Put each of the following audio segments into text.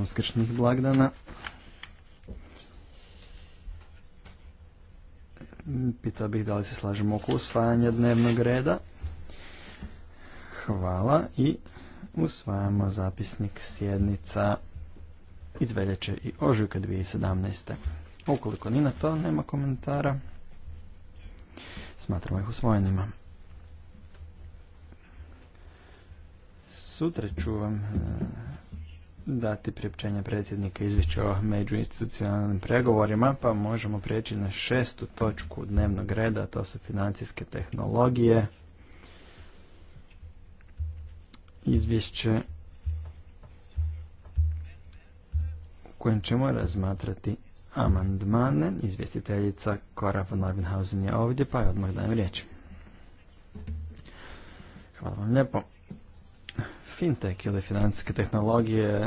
uskršnjih blagdana. Pitao bih da li se slažemo oko usvajanja dnevnog reda. Hvala i usvajamo zapisnik sjednica iz veljače i ožujka 2017. Ukoliko ni na to nema komentara, smatramo ih usvojenima. Sutra ću vam dati priopćenje predsjednika izvješća o međuinstitucionalnim pregovorima, pa možemo prijeći na šestu točku dnevnog reda, to su financijske tehnologije. Izvješće u kojem ćemo razmatrati amandmane. Izvjestiteljica Kora von je ovdje, pa je odmah dajem riječ. Hvala vam lijepo fintech ili financijske tehnologije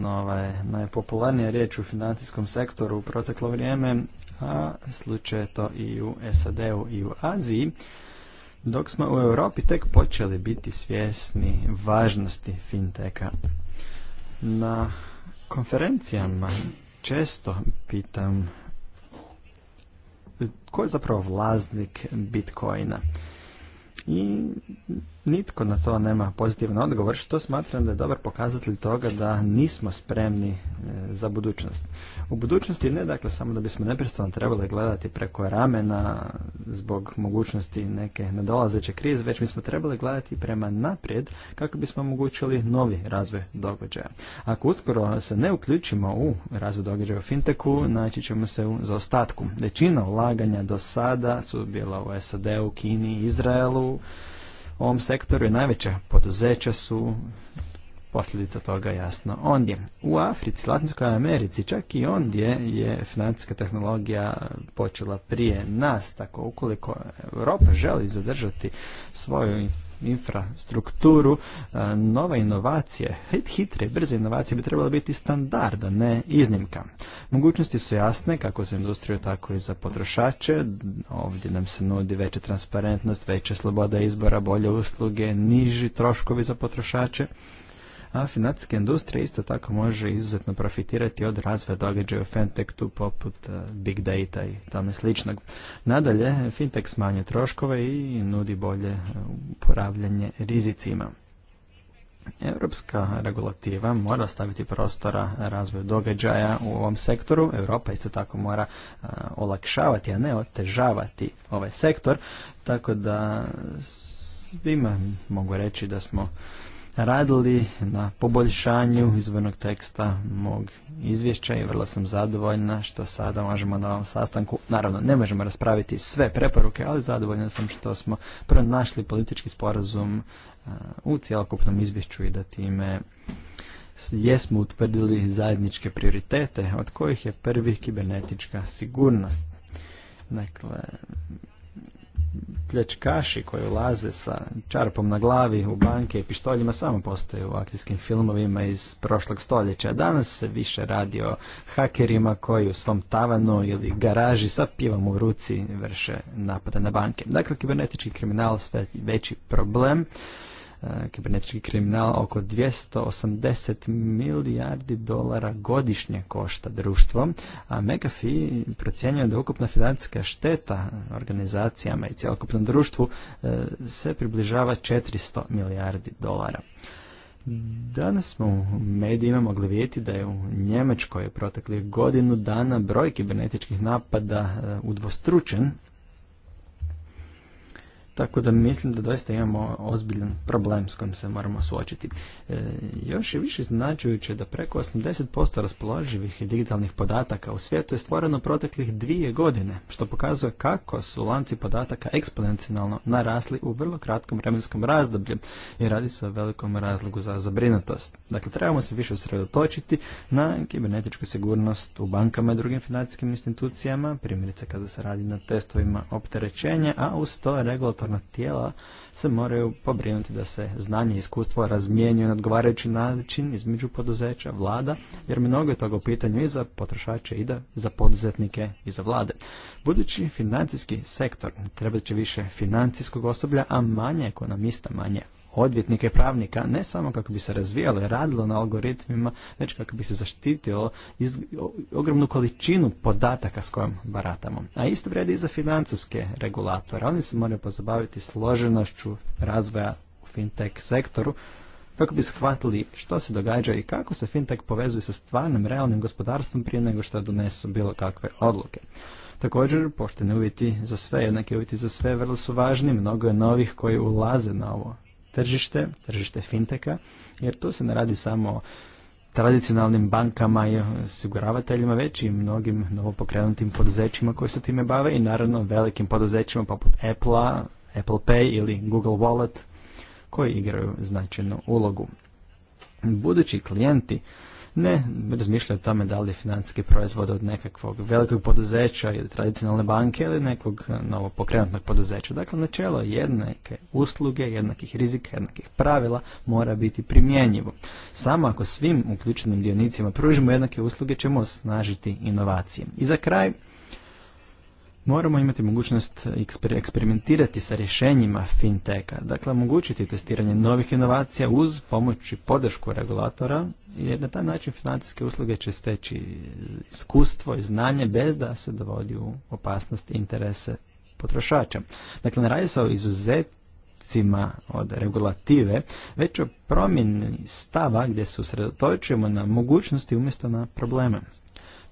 nova mm, je najpopularnija riječ u financijskom sektoru u proteklo vrijeme, a slučaj je to i u SAD-u i u Aziji, dok smo u Europi tek počeli biti svjesni važnosti finteka. Na konferencijama često pitam ko je zapravo vlasnik Bitcoina. I Nitko na to nema pozitivan odgovor, što smatram da je dobar pokazatelj toga da nismo spremni e, za budućnost. U budućnosti ne dakle samo da bismo neprestano trebali gledati preko ramena zbog mogućnosti neke nadolazeće krize, već bismo trebali gledati prema naprijed kako bismo omogućili novi razvoj događaja. Ako uskoro se ne uključimo u razvoj događaja u finteku, naći ćemo se u zaostatku. Većina ulaganja do sada su bila u SAD-u, Kini, Izraelu, ovom sektoru i najveća poduzeća su posljedica toga jasno ondje. U Africi, Latinskoj Americi, čak i ondje je financijska tehnologija počela prije nas, tako ukoliko Europa želi zadržati svoju infrastrukturu, e, nove inovacije, hit, hitre i brze inovacije bi trebalo biti standard, ne iznimka. Mogućnosti su jasne kako za industriju, tako i za potrošače. Ovdje nam se nudi veća transparentnost, veća sloboda izbora, bolje usluge, niži troškovi za potrošače a financijska industrija isto tako može izuzetno profitirati od razvoja događaja u fintech-tu poput e, big data i tome sličnog. Nadalje, fintech smanjuje troškove i nudi bolje e, upravljanje rizicima. Europska regulativa mora ostaviti prostora razvoju događaja u ovom sektoru. Europa isto tako mora e, olakšavati, a ne otežavati ovaj sektor. Tako da svima mogu reći da smo radili na poboljšanju izvornog teksta mog izvješća i vrlo sam zadovoljna što sada možemo na ovom sastanku, naravno ne možemo raspraviti sve preporuke, ali zadovoljna sam što smo pronašli politički sporazum u cjelokupnom izvješću i da time jesmo utvrdili zajedničke prioritete, od kojih je prvi kibernetička sigurnost. Dakle, pljačkaši koji ulaze sa čarpom na glavi u banke i pištoljima samo postaju u akcijskim filmovima iz prošlog stoljeća. Danas se više radi o hakerima koji u svom tavanu ili garaži sa pivom u ruci vrše napade na banke. Dakle, kibernetički kriminal sve veći problem E, kibernetički kriminal oko 280 milijardi dolara godišnje košta društvo, a McAfee procjenjuje da ukupna financijska šteta organizacijama i cjelokupnom društvu e, se približava 400 milijardi dolara. Danas smo u medijima mogli vidjeti da je u Njemačkoj proteklih godinu dana broj kibernetičkih napada e, udvostručen, tako da mislim da doista imamo ozbiljan problem s kojim se moramo suočiti. E, još je više značujuće da preko 80% raspoloživih i digitalnih podataka u svijetu je stvoreno proteklih dvije godine, što pokazuje kako su lanci podataka eksponencionalno narasli u vrlo kratkom vremenskom razdoblju i radi se o velikom razlogu za zabrinutost. Dakle, trebamo se više usredotočiti na kibernetičku sigurnost u bankama i drugim financijskim institucijama, primjerice kada se radi na testovima opterećenja, a uz to regulatorno regulatorna tijela se moraju pobrinuti da se znanje i iskustvo razmijenjuje na odgovarajući način između poduzeća, vlada, jer mnogo je toga u pitanju i za potrošače i da, za poduzetnike i za vlade. Budući financijski sektor treba će više financijskog osoblja, a manje ekonomista, manje odvjetnike pravnika, ne samo kako bi se razvijalo i radilo na algoritmima, već kako bi se zaštitilo ogromnu količinu podataka s kojom baratamo. A isto vredi i za financijske regulatore. Oni se moraju pozabaviti složenošću razvoja u fintech sektoru, kako bi shvatili što se događa i kako se fintech povezuje sa stvarnim realnim gospodarstvom prije nego što donesu bilo kakve odluke. Također, pošteni uvjeti za sve, jednaki uvjeti za sve vrlo su važni, mnogo je novih koji ulaze na ovo tržište, tržište finteka, jer tu se ne radi samo o tradicionalnim bankama i osiguravateljima, već i mnogim novopokrenutim poduzećima koji se time bave i naravno velikim poduzećima poput apple Apple Pay ili Google Wallet koji igraju značajnu ulogu. Budući klijenti ne razmišljaju o tome da li financijski proizvod od nekakvog velikog poduzeća ili tradicionalne banke ili nekog e, novo pokrenutnog poduzeća. Dakle, načelo jednake usluge, jednakih rizika, jednakih pravila mora biti primjenjivo. Samo ako svim uključenim dionicima pružimo jednake usluge ćemo osnažiti inovacije. I za kraj, Moramo imati mogućnost eksperimentirati sa rješenjima finteka, dakle omogućiti testiranje novih inovacija uz pomoć i podršku regulatora, jer na taj način financijske usluge će steći iskustvo i znanje bez da se dovodi u opasnost interese potrošača. Dakle, ne radi se o izuzetcima od regulative, već o promjeni stava gdje se usredotočujemo na mogućnosti umjesto na probleme.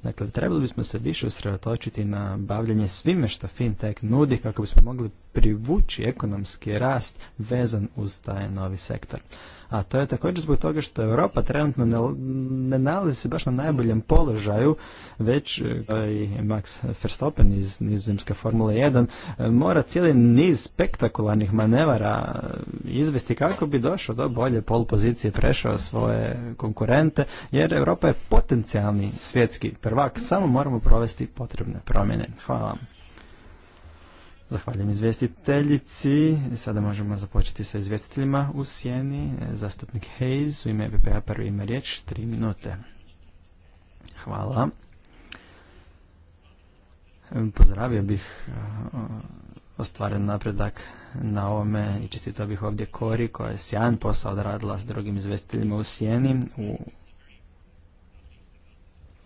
Dakle, trebali bismo se više usredotočiti na bavljanje svime što fintech nudi kako bismo mogli privući ekonomski rast vezan uz taj novi sektor a to je također zbog toga što Europa trenutno ne, nalazi se baš na najboljem položaju, već e, i Max Verstappen iz nizozemske Formule 1 e, mora cijeli niz spektakularnih manevara e, izvesti kako bi došao do bolje pol pozicije, prešao svoje konkurente, jer Europa je potencijalni svjetski prvak, samo moramo provesti potrebne promjene. Hvala vam. Zahvaljujem izvjestiteljici. Sada možemo započeti sa izvjestiteljima u sjeni. Zastupnik Hayes u ime EPP-a prvi ima riječ, tri minute. Hvala. Pozdravio bih eh, ostvaren napredak na ovome i čestitao bih ovdje Kori koja je sjajan posao odradila s drugim izvjestiteljima u sjeni u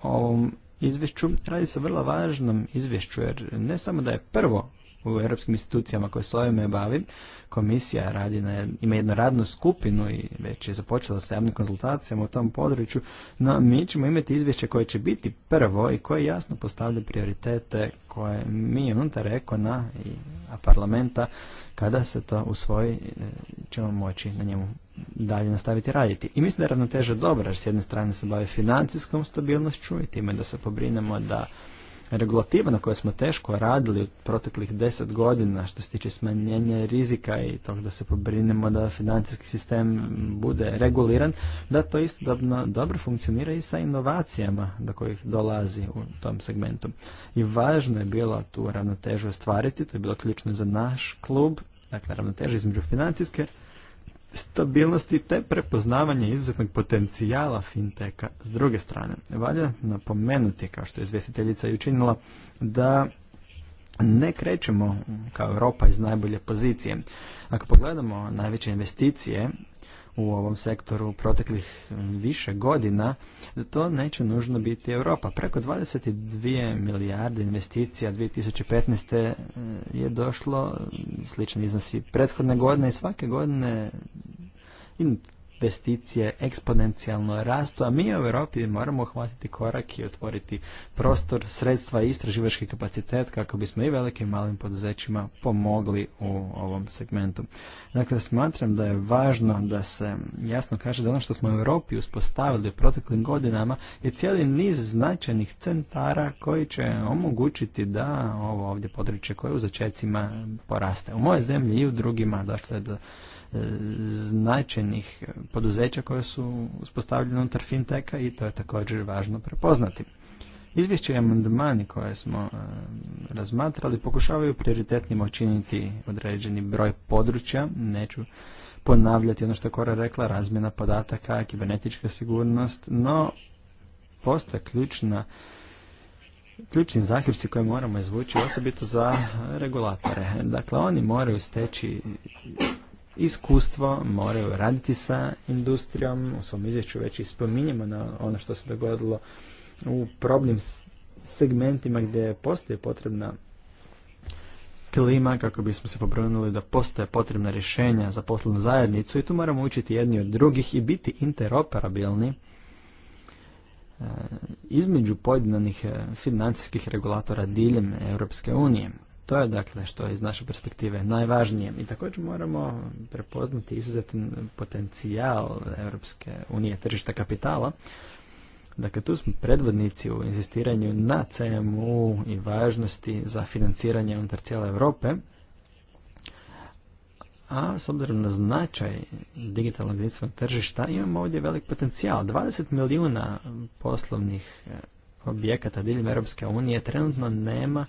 ovom izvješću. Radi se o vrlo važnom izvješću jer ne samo da je prvo u europskim institucijama koje se ovime bavi. Komisija radi na, ima jednu radnu skupinu i već je započela sa javnim konzultacijama u tom području, no mi ćemo imati izvješće koje će biti prvo i koje jasno postavlja prioritete koje mi unutar ekona i parlamenta kada se to usvoji e, ćemo moći na njemu dalje nastaviti raditi. I mislim da je ravnoteža dobra, jer s jedne strane se bavi financijskom stabilnošću i time da se pobrinemo da regulativa na kojoj smo teško radili u proteklih deset godina što se tiče smanjenja rizika i tog da se pobrinemo da financijski sistem bude reguliran, da to istodobno dobro funkcionira i sa inovacijama do kojih dolazi u tom segmentu. I važno je bilo tu ravnotežu ostvariti, to je bilo ključno za naš klub, dakle ravnoteža između financijske stabilnosti te prepoznavanje izuzetnog potencijala finteka. S druge strane, valja napomenuti, kao što je izvjestiteljica i učinila, da ne krećemo kao Europa iz najbolje pozicije. Ako pogledamo najveće investicije u ovom sektoru proteklih više godina, da to neće nužno biti Europa. Preko 22 milijarde investicija 2015. je došlo, slični iznosi prethodne godine i svake godine investicije eksponencijalno rastu, a mi u Europi moramo hvatiti korak i otvoriti prostor, sredstva i istraživački kapacitet kako bismo i velikim malim poduzećima pomogli u ovom segmentu. Dakle, smatram da je važno da se jasno kaže da ono što smo u Europi uspostavili u proteklim godinama je cijeli niz značajnih centara koji će omogućiti da ovo ovdje područje koje u začecima poraste. U moje zemlji i u drugima, dakle, da značajnih poduzeća koje su uspostavljene unutar finteka i to je također važno prepoznati. Izvješće i amandmani koje smo e, razmatrali pokušavaju prioritetnim učiniti određeni broj područja. Neću ponavljati ono što je Kora rekla, razmjena podataka, kibernetička sigurnost, no postoje ključna ključni zaključci koje moramo izvući osobito za regulatore. Dakle, oni moraju steći iskustvo, moraju raditi sa industrijom. U svom izvješću već i spominjemo na ono što se dogodilo u problem segmentima gdje postoje potrebna klima kako bismo se pobrinuli da postoje potrebna rješenja za poslovnu zajednicu i tu moramo učiti jedni od drugih i biti interoperabilni e, između pojedinih e, financijskih regulatora diljem Europske unije. To je dakle što je iz naše perspektive najvažnije. I također moramo prepoznati izuzetan potencijal Europske unije tržišta kapitala. Dakle, tu smo predvodnici u insistiranju na CMU i važnosti za financiranje unutar cijele Europe. A s obzirom na značaj digitalnog jedinstvenog tržišta imamo ovdje velik potencijal. 20 milijuna poslovnih eh, objekata diljem Europske unije trenutno nema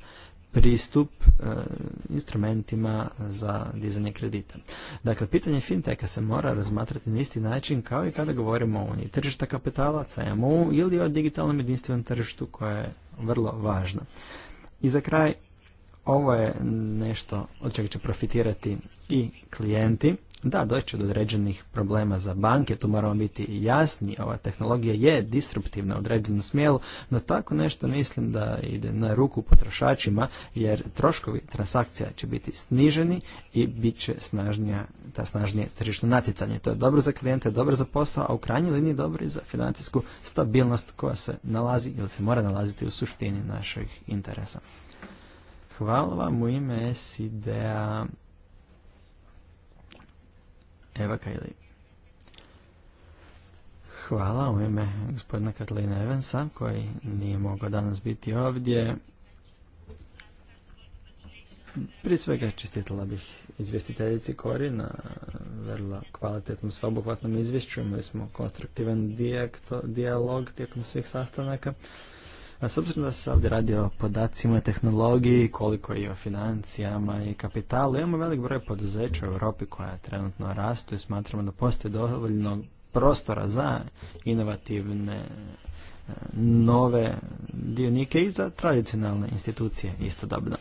pristup e, instrumentima za dizanje kredita. Dakle, pitanje finteka se mora razmatrati na isti način kao i kada govorimo o uniji tržišta kapitala, CMU ili o digitalnom jedinstvenom tržištu koje je vrlo važna. I za kraj, ovo je nešto od čega će profitirati i klijenti. Da, doći do određenih problema za banke, tu moramo biti jasni, ova tehnologija je disruptivna u određenom smjelu, no tako nešto mislim da ide na ruku potrošačima, jer troškovi transakcija će biti sniženi i bit će snažnija, ta snažnije tržišno natjecanje. To je dobro za klijente, dobro za posao, a u krajnjoj liniji dobro i za financijsku stabilnost koja se nalazi ili se mora nalaziti u suštini naših interesa. Hvala vam u ime SIDEA a Eva Hvala u ime gospodina Katalina Evansa koji nije mogao danas biti ovdje. Prije svega čestitala bih izvjestiteljici Kori na vrlo kvalitetnom, sveobuhvatnom izvješću. Imali smo konstruktivan dijalog tijekom svih sastanaka. A s obzirom da se ovdje radi o podacima, tehnologiji, koliko i o financijama i kapitalu, imamo velik broj poduzeća u Europi koja trenutno rastu i smatramo da postoji dovoljno prostora za inovativne e, nove dionike i za tradicionalne institucije istodobno.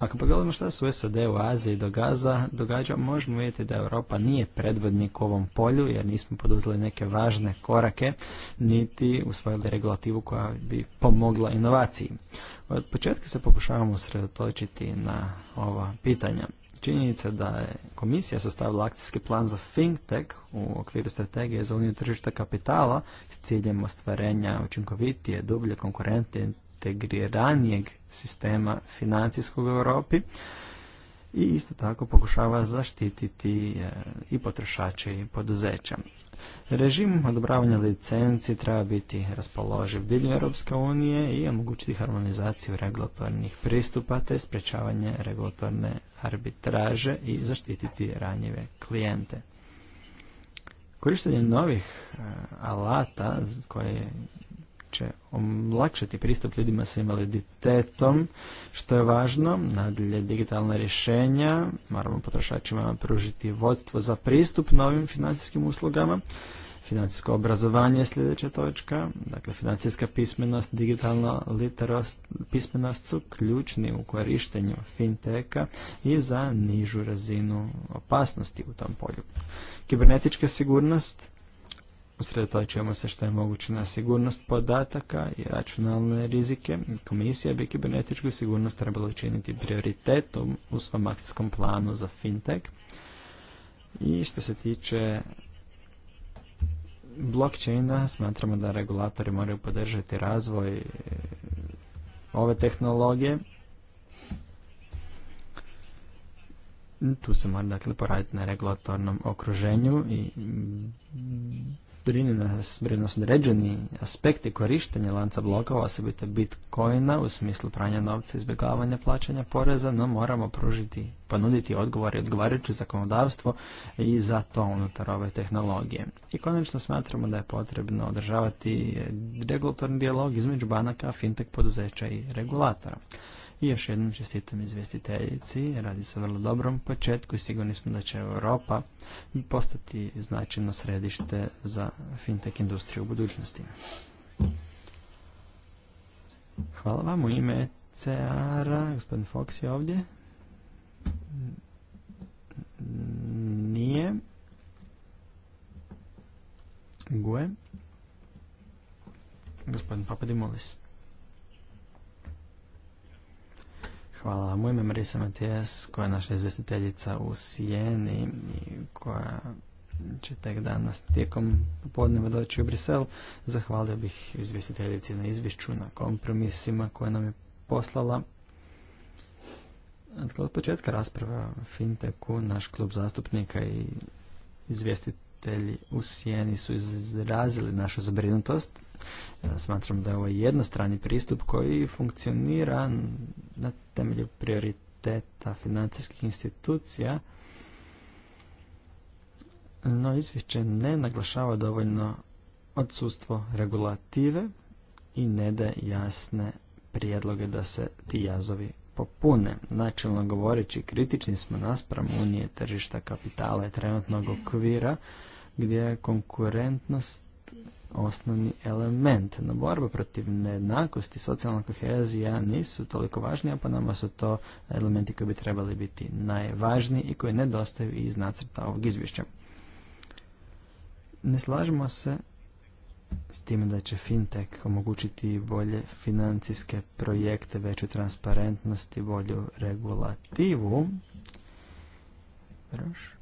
Ako pogledamo pa što se u SAD u Aziji Gaza, događa, možemo vidjeti da Europa nije predvodnik u ovom polju jer nismo poduzeli neke važne korake niti usvojili regulativu koja bi pomogla inovaciji. Od početka se pokušavamo sredotočiti na ova pitanja činjenica da je komisija sastavila akcijski plan za FinTech u okviru strategije za uniju tržišta kapitala s ciljem ostvarenja učinkovitije, dublje, konkurentnije integriranijeg sistema financijskog u Europi i isto tako pokušava zaštititi e, i potrošače i poduzeća. Režim odobravanja licenci treba biti raspoloživ diljem Europske unije i omogućiti harmonizaciju regulatornih pristupa te sprečavanje regulatorne arbitraže i zaštititi ranjive klijente. Korištenje novih e, alata koje će olakšati pristup ljudima s invaliditetom, što je važno, nadalje digitalna rješenja, moramo potrošačima pružiti vodstvo za pristup novim financijskim uslugama, financijsko obrazovanje je sljedeća točka, dakle financijska pismenost, digitalna literost, pismenost su ključni u korištenju finteka i za nižu razinu opasnosti u tom polju. Kibernetička sigurnost, ćemo se što je moguće na sigurnost podataka i računalne rizike. Komisija bi kibernetičku sigurnost trebala učiniti prioritetom u svom akcijskom planu za fintech. I što se tiče blockchaina, smatramo da regulatori moraju podržati razvoj e, ove tehnologije. Tu se mora dakle poraditi na regulatornom okruženju i brine nas, brinu nas određeni aspekti korištenja lanca blokova, osobito bitcoina u smislu pranja novca, izbjegavanja plaćanja poreza, no moramo pružiti, ponuditi odgovor i odgovarajuće zakonodavstvo i za to unutar ove tehnologije. I konačno smatramo da je potrebno održavati regulatorni dijalog između banaka, fintech poduzeća i regulatora. I još jednom čestitam izvestiteljici, radi se o vrlo dobrom početku i sigurni smo da će Europa postati značajno središte za fintech industriju u budućnosti. Hvala vam u ime CR-a, gospodin Fox je ovdje. Nije. Gue. Gospodin Papadimolis. Hvala. Hvala vam. U ime Marisa Matijas, koja je naša izvjestiteljica u Sijeni i koja će tek danas tijekom podneva doći u Brisel, zahvalio bih izvjestiteljici na izvješću, na kompromisima koje nam je poslala. od početka rasprava Finteku, naš klub zastupnika i izvjestitelji u Sijeni su izrazili našu zabrinutost Smatram da je ovo jednostrani pristup koji funkcionira na temelju prioriteta financijskih institucija, no izvješće ne naglašava dovoljno odsustvo regulative i ne da jasne prijedloge da se ti jazovi popune. Načelno govoreći, kritični smo naspram Unije tržišta kapitala i trenutnog okvira gdje je konkurentnost osnovni element. No borba protiv nejednakosti, socijalna kohezija nisu toliko a pa nama su to elementi koji bi trebali biti najvažniji i koji nedostaju iz nacrta ovog izvješća. Ne slažemo se s time da će fintech omogućiti bolje financijske projekte, veću transparentnost i bolju regulativu. Proš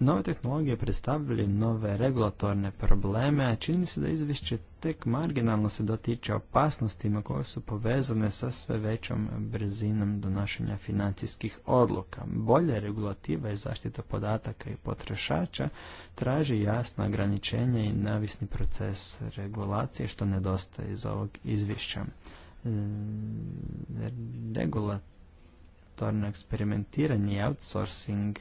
nove tehnologije predstavljaju nove regulatorne probleme, a čini se da izvješće tek marginalno se dotiče opasnostima koje su povezane sa sve većom brzinom donošenja financijskih odluka. Bolja regulativa i zaštita podataka i potrošača traži jasno ograničenje i navisni proces regulacije što nedostaje iz ovog izvješća. E, regulatorno eksperimentiranje i outsourcing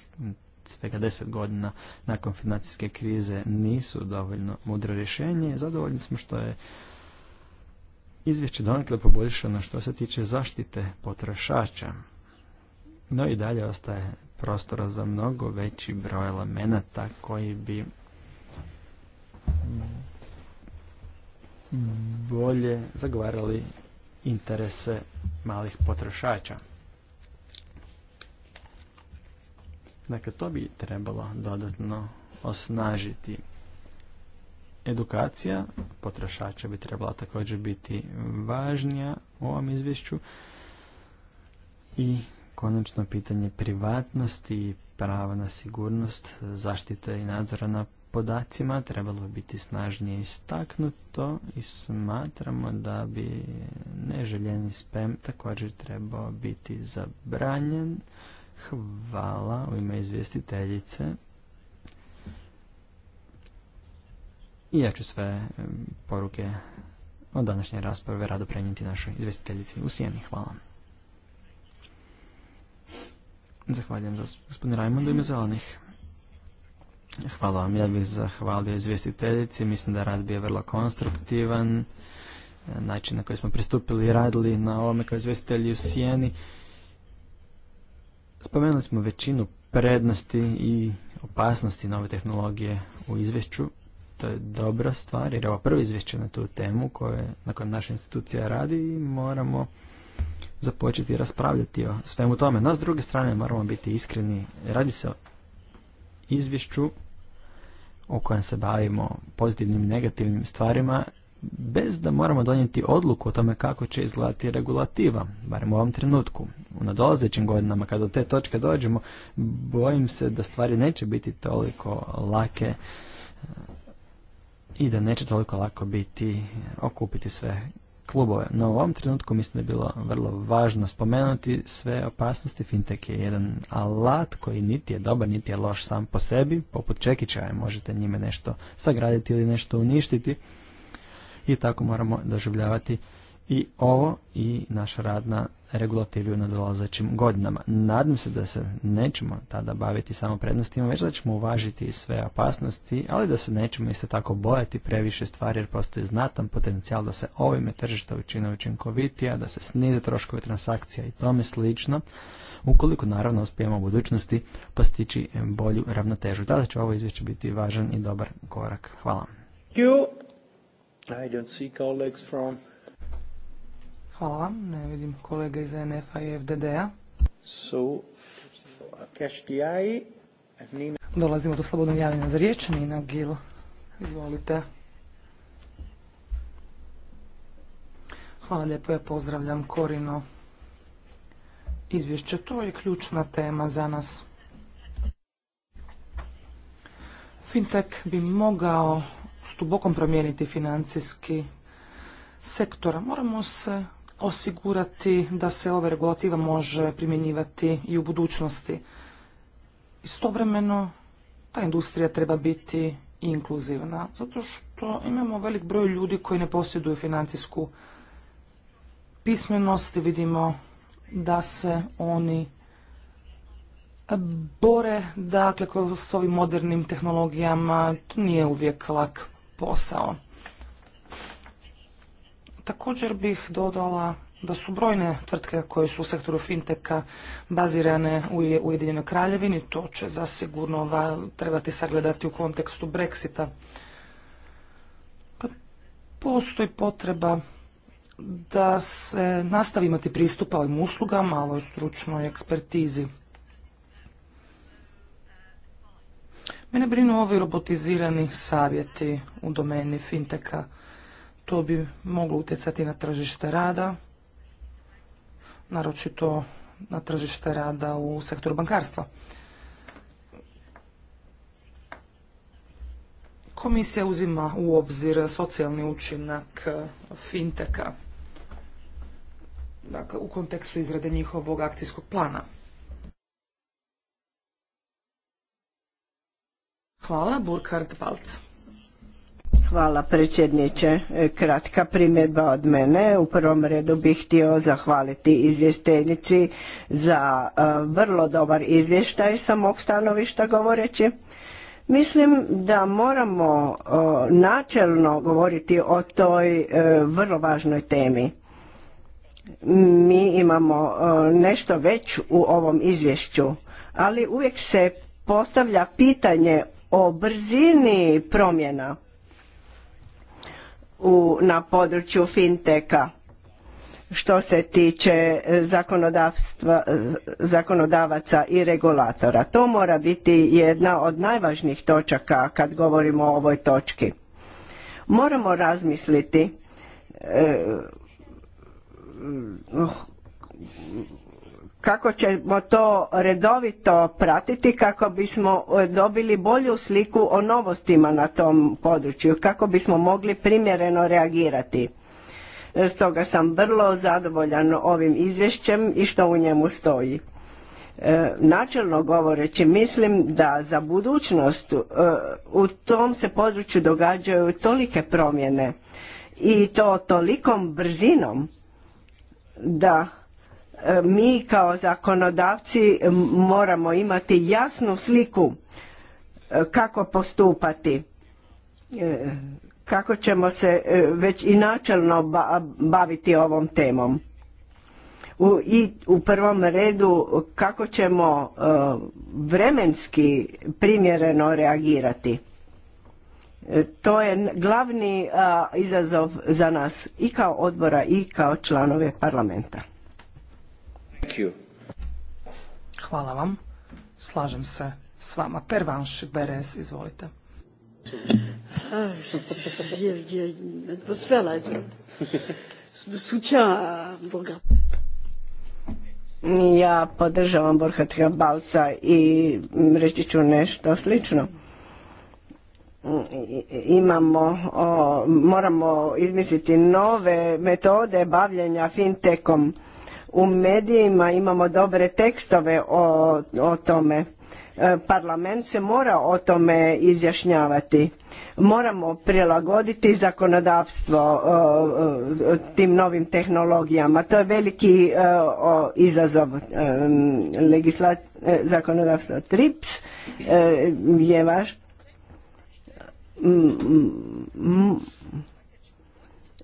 svega deset godina nakon financijske krize nisu dovoljno mudro rješenje. Zadovoljni smo što je izvješće donekle poboljšano što se tiče zaštite potrošača. No i dalje ostaje prostora za mnogo veći broj elemenata koji bi bolje zagovarali interese malih potrošača. Dakle, to bi trebalo dodatno osnažiti. Edukacija potrošača bi trebala također biti važnija u ovom izvješću. I konačno pitanje privatnosti prava na sigurnost, zaštite i nadzora na podacima trebalo bi biti snažnije istaknuto i smatramo da bi neželjeni spam također trebao biti zabranjen Hvala u ime izvjestiteljice. I ja ću sve poruke od današnje rasprave rado prenijeti našoj izvjestiteljici u Sijeni. Hvala. Zahvaljujem gospodinu gospodin Rajmond u ime Hvala vam. Ja bih zahvalio izvjestiteljici. Mislim da rad bio vrlo konstruktivan. Način na koji smo pristupili i radili na ovome kao izvjestitelji u Sijeni Spomenuli smo većinu prednosti i opasnosti nove tehnologije u izvješću. To je dobra stvar jer je ovo prvo izvješće na tu temu koje, na kojoj naša institucija radi i moramo započeti raspravljati o svemu tome. No, s druge strane, moramo biti iskreni. Radi se o izvješću o kojem se bavimo pozitivnim i negativnim stvarima bez da moramo donijeti odluku o tome kako će izgledati regulativa, barem u ovom trenutku. U nadolazećim godinama kada do te točke dođemo, bojim se da stvari neće biti toliko lake e, i da neće toliko lako biti okupiti sve klubove. No u ovom trenutku mislim da je bilo vrlo važno spomenuti sve opasnosti. Fintech je jedan alat koji niti je dobar, niti je loš sam po sebi. Poput čekića možete njime nešto sagraditi ili nešto uništiti i tako moramo doživljavati i ovo i naša rad na regulativi u nadolazećim godinama. Nadam se da se nećemo tada baviti samo prednostima, već da ćemo uvažiti sve opasnosti, ali da se nećemo isto tako bojati previše stvari jer postoji znatan potencijal da se ovime tržišta učine učinkovitija, da se snize troškovi transakcija i tome slično, ukoliko naravno uspijemo u budućnosti postići bolju ravnotežu. Tada će ovo izvješće biti važan i dobar korak. Hvala. I don't see colleagues from... Hvala ne vidim kolege iz nf i FDD-a. So, Dolazimo do slobodnog javljena za riječ. Nina Gil, izvolite. Hvala lijepo, ja pozdravljam Korino. Izvješće, to je ključna tema za nas. Fintech bi mogao stubokom promijeniti financijski sektor. Moramo se osigurati da se ova regulativa može primjenjivati i u budućnosti. Istovremeno, ta industrija treba biti inkluzivna, zato što imamo velik broj ljudi koji ne posjeduju financijsku pismenost vidimo da se oni bore, dakle, s ovim modernim tehnologijama, to nije uvijek lak posao. Također bih dodala da su brojne tvrtke koje su u sektoru finteka bazirane u Ujedinjenoj kraljevini, to će zasigurno trebati sagledati u kontekstu Brexita. Postoji potreba da se nastavi imati pristupa ovim uslugama, ovoj stručnoj ekspertizi. Mene brinu ovi robotizirani savjeti u domeni finteka. To bi moglo utjecati na tržište rada, naročito na tržište rada u sektoru bankarstva. Komisija uzima u obzir socijalni učinak finteka dakle, u kontekstu izrade njihovog akcijskog plana. Hvala, Burkhard Balc. Hvala predsjedniče. E, kratka primjedba od mene. U prvom redu bih htio zahvaliti izvjestiteljici za e, vrlo dobar izvještaj sa mog stanovišta govoreći. Mislim da moramo e, načelno govoriti o toj vrlo važnoj temi. Mi imamo nešto već u ovom izvješću, ali uvijek se postavlja pitanje o brzini promjena u, na području finteka što se tiče e, zakonodavstva, e, zakonodavaca i regulatora. To mora biti jedna od najvažnijih točaka kad govorimo o ovoj točki. Moramo razmisliti e, kako ćemo to redovito pratiti kako bismo e, dobili bolju sliku o novostima na tom području, kako bismo mogli primjereno reagirati. E, stoga sam vrlo zadovoljan ovim izvješćem i što u njemu stoji. E, načelno govoreći mislim da za budućnost u tom se području događaju tolike promjene i to tolikom brzinom da mi kao zakonodavci moramo imati jasnu sliku e, kako postupati e, kako ćemo se e, već i načelno baviti ovom temom u, i u prvom redu kako ćemo vremenski primjereno reagirati to je glavni izazov za nas i kao odbora i kao članove parlamenta Hvala vam. Slažem se s vama. Pervanš Beres, izvolite. Ja podržavam borha Balca i reći ću nešto slično. Imamo, moramo izmisliti nove metode bavljenja fintechom u medijima imamo dobre tekstove o, o tome. E, parlament se mora o tome izjašnjavati. Moramo prilagoditi zakonodavstvo e, e, tim novim tehnologijama. To je veliki izazov zakonodavstva. TRIPS je vaš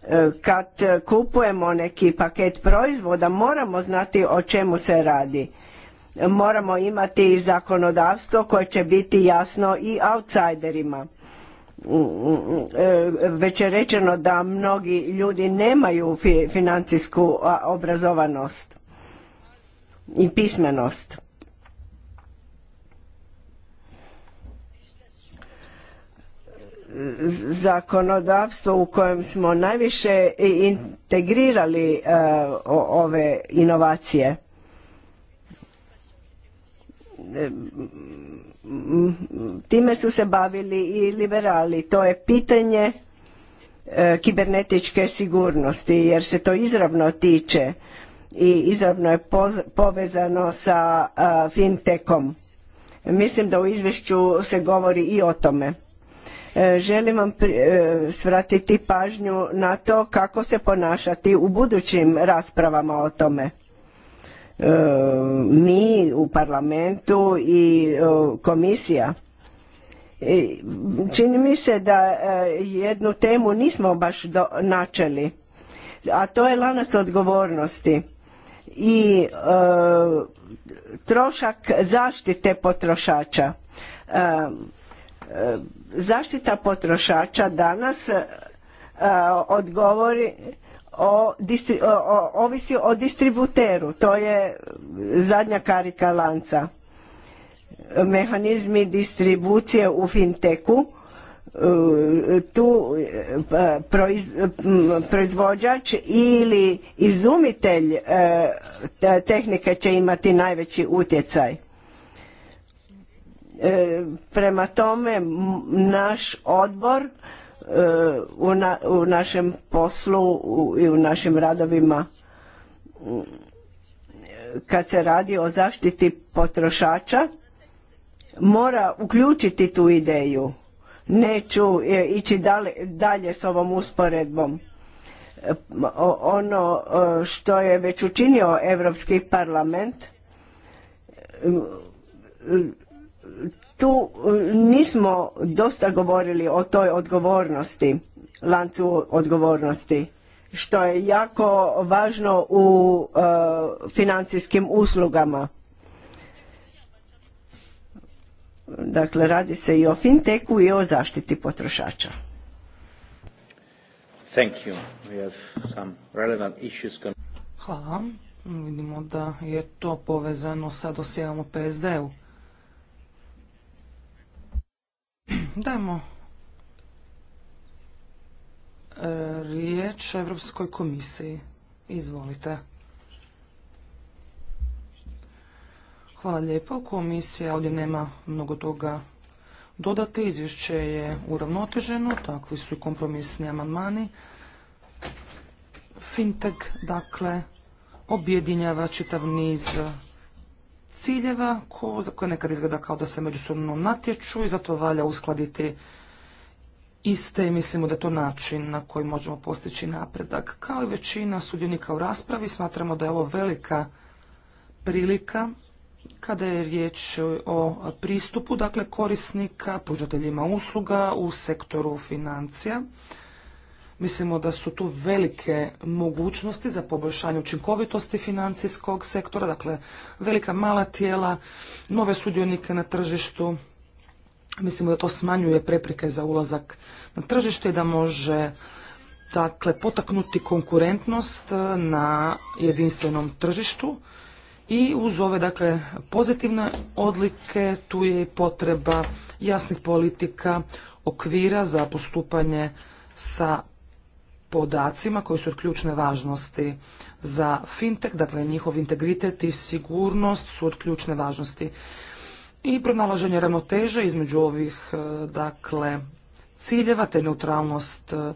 E, kad e, kupujemo neki paket proizvoda moramo znati o čemu se radi. Moramo imati zakonodavstvo koje će biti jasno i outsiderima. Mm, mm, e, već je rečeno da mnogi ljudi nemaju financijsku obrazovanost i pismenost zakonodavstvo u kojem smo najviše integrirali e, ove inovacije e, time su se bavili i liberali to je pitanje e, kibernetičke sigurnosti jer se to izravno tiče i izravno je povezano sa fintechom mislim da u izvješću se govori i o tome E, želim vam e, svratiti pažnju na to kako se ponašati u budućim raspravama o tome. E, mi u parlamentu i komisija čini mi se da jednu temu nismo baš načeli a to je lanac odgovornosti i trošak zaštite potrošača E, zaštita potrošača danas e, odgovori o, ovisi o distributeru, to je zadnja karika lanca. Mehanizmi distribucije u finteku, e, tu proizvođač ili izumitelj tehnike će imati najveći utjecaj. E, prema tome naš odbor e, u, našem poslu i u našim radovima kad se radi o zaštiti potrošača mora uključiti tu ideju. Neću e, ići dalje, s ovom usporedbom. Ono što je već učinio Europski parlament tu e, nismo dosta govorili o toj odgovornosti, lancu odgovornosti, što je jako važno u e, financijskim uslugama. Dakle, radi se i o finteku i o zaštiti potrošača. Thank Hvala. Vidimo da je to povezano sa dosjevom o PSD-u. damo e, riječ Evropskoj komisiji. Izvolite. Hvala lijepo. Komisija ovdje nema mnogo toga dodati. Izvješće je uravnoteženo, takvi su kompromisni amandmani. Fintech, dakle, objedinjava čitav niz ciljeva za koje nekad izgleda kao da se međusobno natječu i zato valja uskladiti iste i mislimo da je to način na koji možemo postići napredak. Kao i većina sudionika u raspravi smatramo da je ovo velika prilika kada je riječ o pristupu dakle korisnika, pružateljima usluga u sektoru financija. Mislimo da su tu velike mogućnosti za poboljšanje učinkovitosti financijskog sektora, dakle velika mala tijela, nove sudionike na tržištu. Mislimo da to smanjuje prepreke za ulazak na tržište i da može dakle, potaknuti konkurentnost na jedinstvenom tržištu. I uz ove dakle, pozitivne odlike tu je i potreba jasnih politika, okvira za postupanje sa podacima koji su od ključne važnosti za fintech, dakle njihov integritet i sigurnost su od ključne važnosti. I pronalaženje ravnoteže između ovih e, dakle ciljeva te neutralnost e,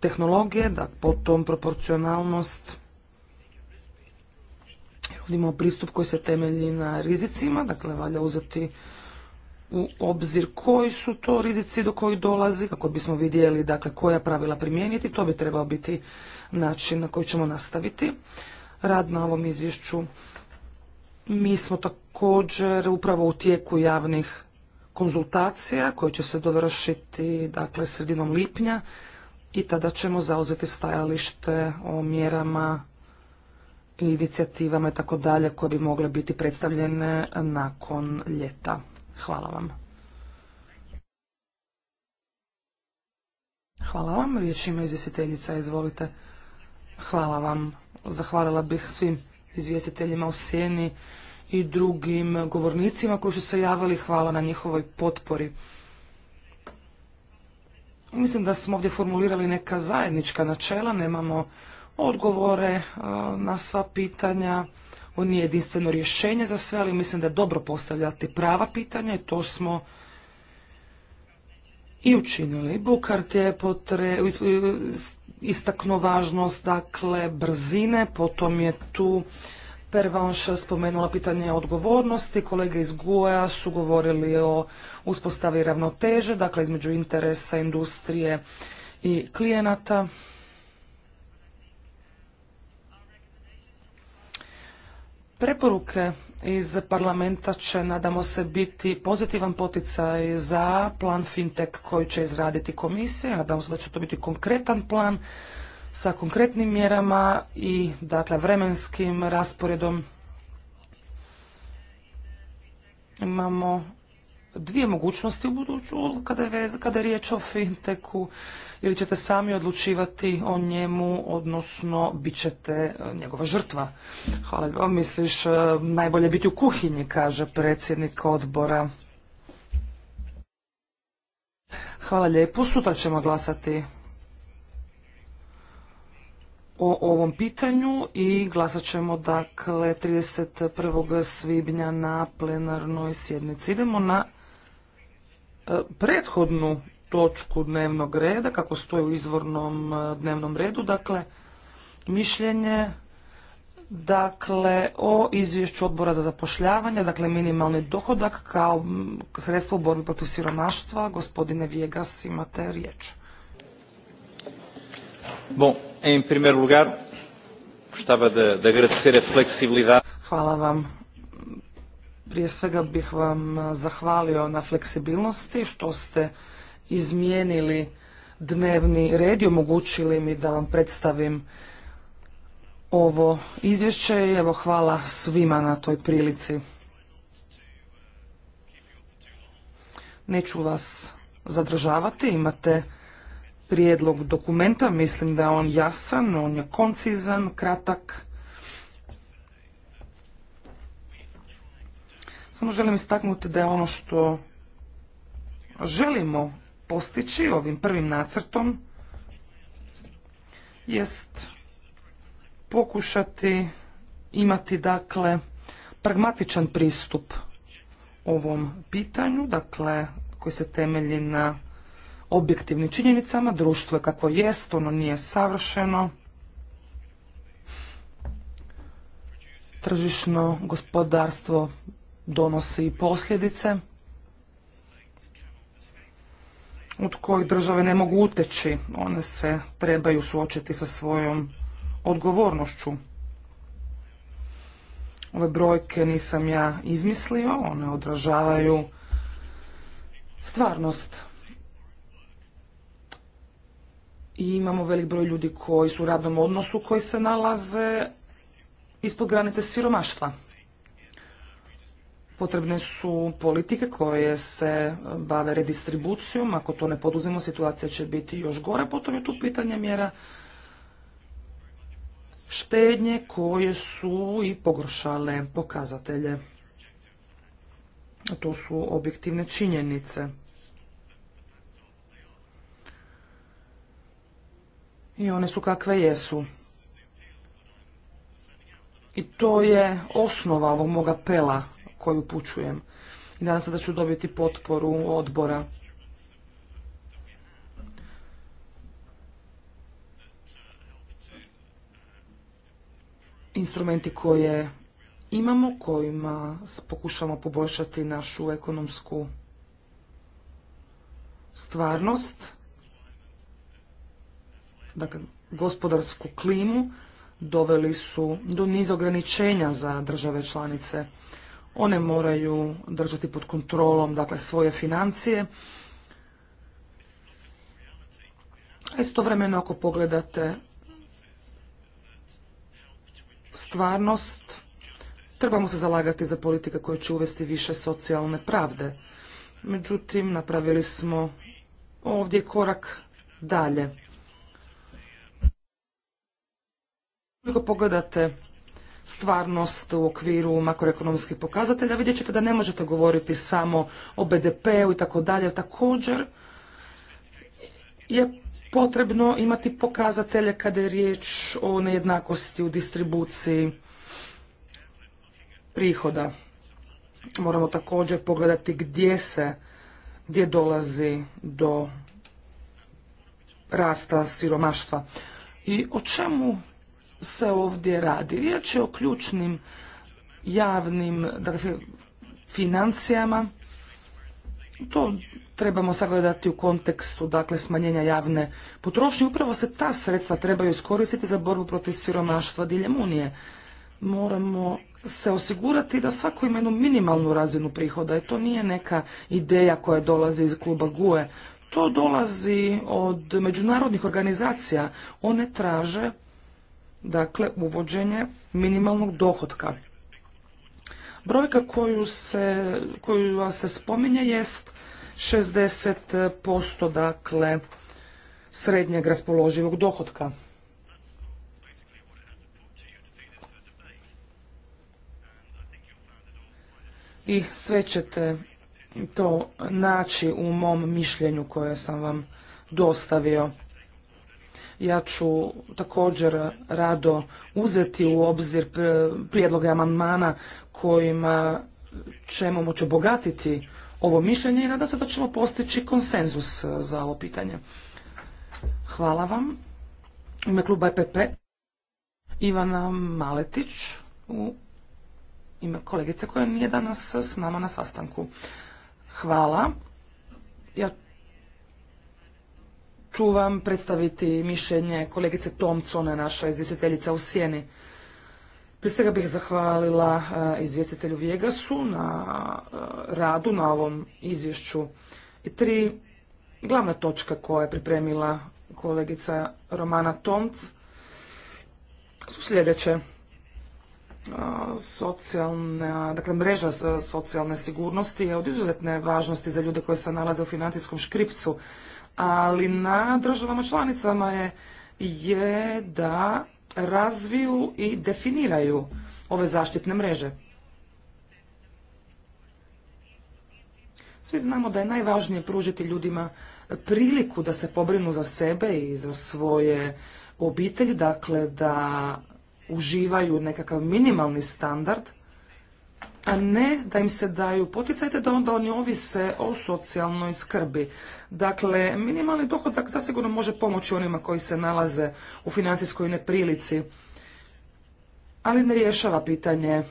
tehnologije, da potom proporcionalnost ovdje imamo pristup koji se temelji na rizicima, dakle valja uzeti u obzir koji su to rizici do kojih dolazi, kako bismo vidjeli dakle, koja pravila primijeniti. To bi trebao biti način na koji ćemo nastaviti rad na ovom izvješću. Mi smo također upravo u tijeku javnih konzultacija koje će se dovršiti dakle, sredinom lipnja i tada ćemo zauzeti stajalište o mjerama inicijativama i tako dalje koje bi mogle biti predstavljene nakon ljeta. Hvala vam. Hvala vam. Riječ ima izvjestiteljica. Izvolite. Hvala vam. Zahvalila bih svim izvjestiteljima u sjeni i drugim govornicima koji su se javili. Hvala na njihovoj potpori. Mislim da smo ovdje formulirali neka zajednička načela. Nemamo odgovore eh, na sva pitanja. On nije jedinstveno rješenje za sve, ali mislim da je dobro postavljati prava pitanja i to smo i učinili. Bukart je potre... istaknuo važnost dakle brzine, potom je tu Pervanša spomenula pitanje odgovornosti, kolege iz GUA su govorili o uspostavi ravnoteže, dakle između interesa industrije i klijenata. Preporuke iz parlamenta će, nadamo se, biti pozitivan poticaj za plan fintech koji će izraditi komisija. Nadamo se da će to biti konkretan plan sa konkretnim mjerama i dakle vremenskim rasporedom. Imamo dvije mogućnosti u buduću kada je, kada je riječ o finteku ili ćete sami odlučivati o njemu, odnosno bit ćete e, njegova žrtva. Hvala, misliš e, najbolje biti u kuhinji, kaže predsjednik odbora. Hvala lijepo, sutra ćemo glasati o ovom pitanju i glasat ćemo dakle 31. svibnja na plenarnoj sjednici. Idemo na E, prethodnu točku dnevnog reda, kako stoji u izvornom e, dnevnom redu, dakle, mišljenje dakle, o izvješću odbora za zapošljavanje, dakle minimalni dohodak kao sredstvo u borbi protiv siromaštva. Gospodine Vjegas, imate riječ. Bon, em primeiro lugar, da, Hvala vam. Prije svega bih vam zahvalio na fleksibilnosti što ste izmijenili dnevni red i omogućili mi da vam predstavim ovo izvješće i evo hvala svima na toj prilici. Neću vas zadržavati, imate prijedlog dokumenta, mislim da je on jasan, on je koncizan, kratak Samo želim istaknuti da je ono što želimo postići ovim prvim nacrtom jest pokušati imati dakle pragmatičan pristup ovom pitanju, dakle koji se temelji na objektivnim činjenicama, društvo je kako jest, ono nije savršeno. Tržišno gospodarstvo donosi posljedice od kojih države ne mogu uteći. One se trebaju suočiti sa svojom odgovornošću. Ove brojke nisam ja izmislio, one odražavaju stvarnost. I imamo velik broj ljudi koji su u radnom odnosu, koji se nalaze ispod granice siromaštva. Potrebne su politike koje se e, bave redistribucijom. Ako to ne poduzmemo, situacija će biti još gora. Potom je tu pitanje mjera štednje koje su i pogoršale pokazatelje. To su objektivne činjenice. I one su kakve jesu. I to je osnova ovog mog apela koju upućujem. I nadam se da ću dobiti potporu odbora. Instrumenti koje imamo, kojima pokušamo poboljšati našu ekonomsku stvarnost, dakle, gospodarsku klimu, doveli su do niz ograničenja za države članice. One moraju držati pod kontrolom dakle, svoje financije. A istovremeno ako pogledate stvarnost, trebamo se zalagati za politike koje će uvesti više socijalne pravde. Međutim, napravili smo ovdje korak dalje. Ako pogledate stvarnost u okviru makroekonomskih pokazatelja, vidjet ćete da ne možete govoriti samo o BDP-u i tako dalje. Također je potrebno imati pokazatelje kada je riječ o nejednakosti u distribuciji prihoda. Moramo također pogledati gdje se, gdje dolazi do rasta siromaštva. I o čemu se ovdje radi. Riječ je o ključnim javnim dakle, financijama. To trebamo sagledati u kontekstu dakle, smanjenja javne potrošnje. Upravo se ta sredstva trebaju iskoristiti za borbu protiv siromaštva diljem Unije. Moramo se osigurati da svako ima jednu minimalnu razinu prihoda i to nije neka ideja koja dolazi iz kluba GUE. To dolazi od međunarodnih organizacija. One traže dakle uvođenje minimalnog dohotka. Brojka koju se, se spominje jest 60% dakle srednjeg raspoloživog dohotka. I sve ćete to naći u mom mišljenju koje sam vam dostavio. Ja ću također rado uzeti u obzir prijedloge amandmana kojima ćemo moći obogatiti ovo mišljenje i nadam se da ćemo postići konsenzus e, za ovo pitanje. Hvala vam. U ime kluba EPP Ivana Maletić u ime kolegice koja nije danas s nama na sastanku. Hvala. Ja ću vam predstaviti mišljenje kolegice Tomcone, naša izvjestiteljica u Sjeni. Prije svega bih zahvalila e, izvjestitelju Vjegasu na e, radu na ovom izvješću i tri glavne točke koje je pripremila kolegica Romana Tomc su sljedeće. E, socijalna, dakle mreža socijalne sigurnosti je od izuzetne važnosti za ljude koji se nalaze u financijskom škripcu ali na državama članicama je, je da razviju i definiraju ove zaštitne mreže. Svi znamo da je najvažnije pružiti ljudima priliku da se pobrinu za sebe i za svoje obitelji, dakle da uživaju nekakav minimalni standard, a ne da im se daju poticajte da onda oni ovise o socijalnoj skrbi. Dakle, minimalni dohodak zasigurno može pomoći onima koji se nalaze u financijskoj neprilici, ali ne rješava pitanje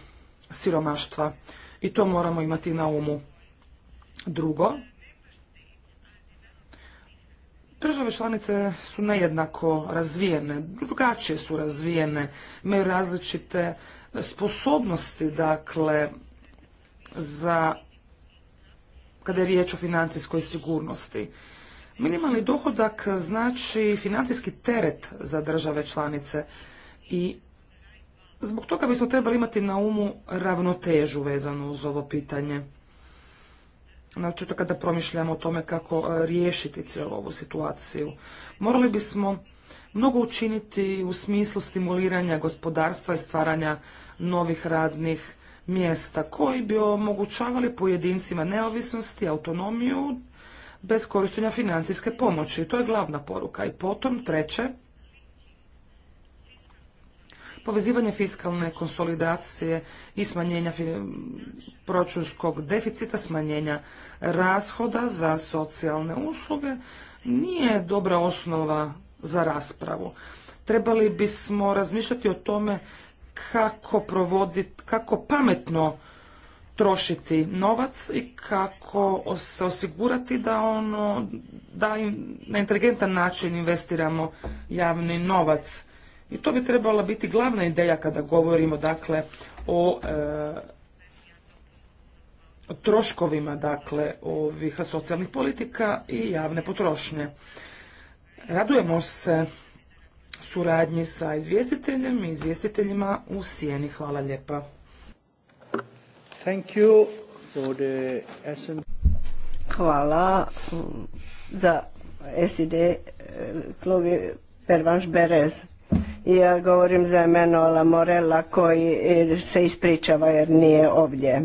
siromaštva i to moramo imati na umu. Drugo, Države članice su nejednako razvijene, drugačije su razvijene, imaju različite sposobnosti, dakle, za kada je riječ o financijskoj sigurnosti. Minimalni dohodak znači financijski teret za države članice i zbog toga bismo trebali imati na umu ravnotežu vezanu uz ovo pitanje. Znači to kada promišljamo o tome kako e, riješiti cijelu ovu situaciju. Morali bismo mnogo učiniti u smislu stimuliranja gospodarstva i stvaranja novih radnih mjesta koji bi omogućavali pojedincima neovisnost i autonomiju bez korištenja financijske pomoći. To je glavna poruka. I potom treće, povezivanje fiskalne konsolidacije i smanjenja proračunskog deficita, smanjenja rashoda za socijalne usluge nije dobra osnova za raspravu. Trebali bismo razmišljati o tome kako provoditi, kako pametno trošiti novac i kako se osigurati da ono, da na inteligentan način investiramo javni novac. I to bi trebala biti glavna ideja kada govorimo dakle o e, troškovima dakle ovih socijalnih politika i javne potrošnje. Radujemo se suradnji sa izvjestiteljem i izvjestiteljima u Sijeni. Hvala lijepa. Hvala za SID klubi eh, Pervanš Berez. Ja govorim za Emanuela Morela koji eh, se ispričava jer nije ovdje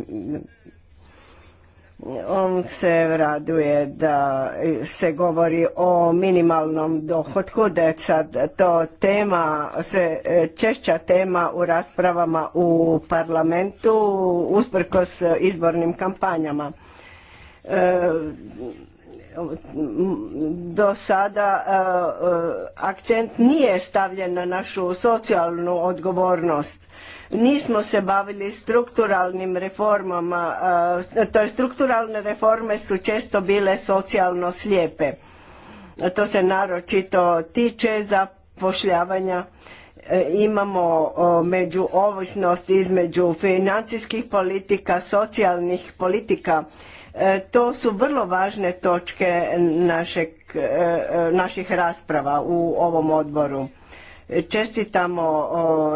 on se raduje da se govori o minimalnom dohotku, da je sad to tema, sve e, češća tema u raspravama u parlamentu usprkos izbornim kampanjama. E, do sada e, akcent nije stavljen na našu socijalnu odgovornost Nismo se bavili strukturalnim reformama, to je strukturalne reforme su često bile socijalno slijepe. To se naročito tiče zapošljavanja e, imamo među ovisnost između financijskih politika, socijalnih politika. E, to su vrlo važne točke našeg, e, naših rasprava u ovom odboru. Čestitamo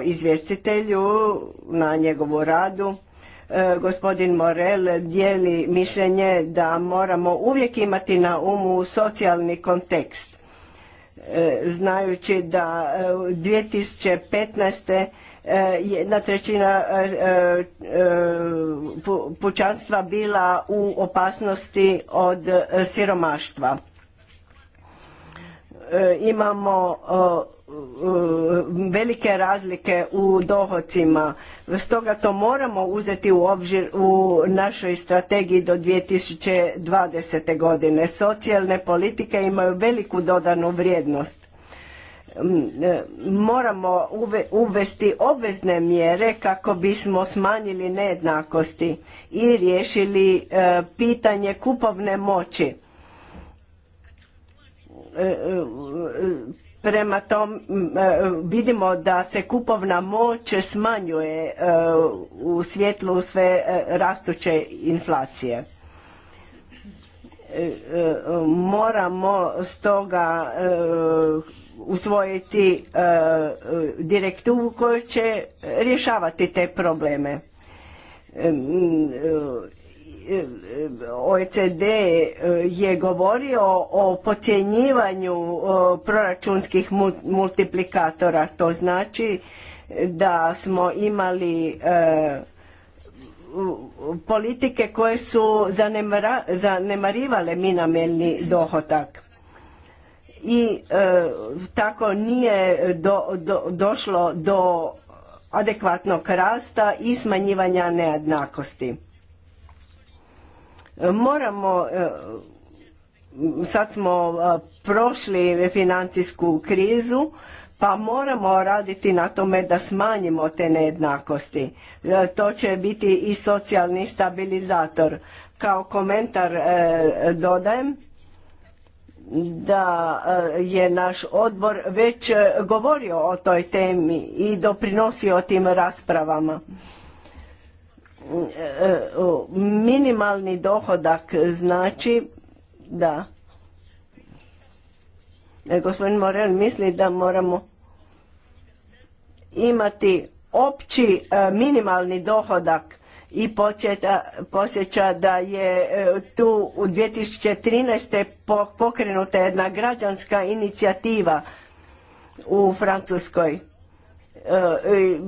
izvjestitelju na njegovu radu. E, gospodin Morel dijeli mišljenje da moramo uvijek imati na umu socijalni kontekst. E, znajući da 2015 e, jedna trećina pučanstva bila u opasnosti od siromaštva. E, imamo e, e, velike razlike u dohocima. Stoga to moramo uzeti u obzir u našoj strategiji do 2020. godine. Socijalne politike imaju veliku dodanu vrijednost. Moramo uvesti obvezne mjere kako bismo smanjili nejednakosti i riješili pitanje kupovne moći E, e, prema tom e, vidimo da se kupovna moć smanjuje u svjetlu sve rastuće inflacije. Moramo stoga usvojiti direktivu koja će rješavati te probleme OECD e, je govorio o pocijenjivanju e, proračunskih multiplikatora. To znači da smo imali e, politike koje su zanemarivale minamelni dohodak i tako nije došlo do adekvatnog rasta i smanjivanja nejednakosti Moramo e, sad smo e, prošli financijsku krizu pa moramo raditi na tome da smanjimo te nejednakosti. E, to će biti i socijalni stabilizator. Kao komentar dodajem da je naš odbor već govorio o toj temi i doprinosio tim raspravama minimalni dohodak znači da e, gospodin Morel misli da moramo imati opći e, minimalni dohodak i podsjeća, da je e, tu u 2013. pokrenuta jedna građanska inicijativa u Francuskoj E,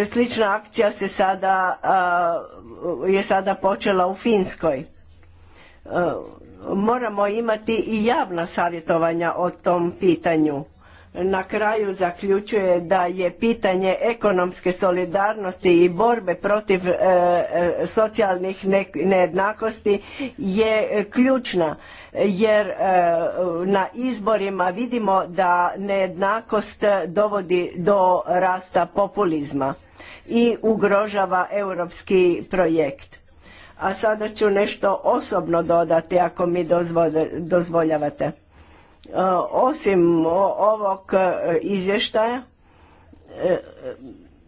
e, slična akcija se sada je sada počela u Finskoj e, moramo imati i javna savjetovanja o tom pitanju na kraju zaključuje da je pitanje ekonomske solidarnosti i borbe protiv e, e, socijalnih nejednakosti je ključna jer e, na izborima vidimo da nejednakost dovodi do rasta populizma i ugrožava europski projekt. A sada ću nešto osobno dodati ako mi dozvoljavate Eh, osim ovog eh, izvještaja,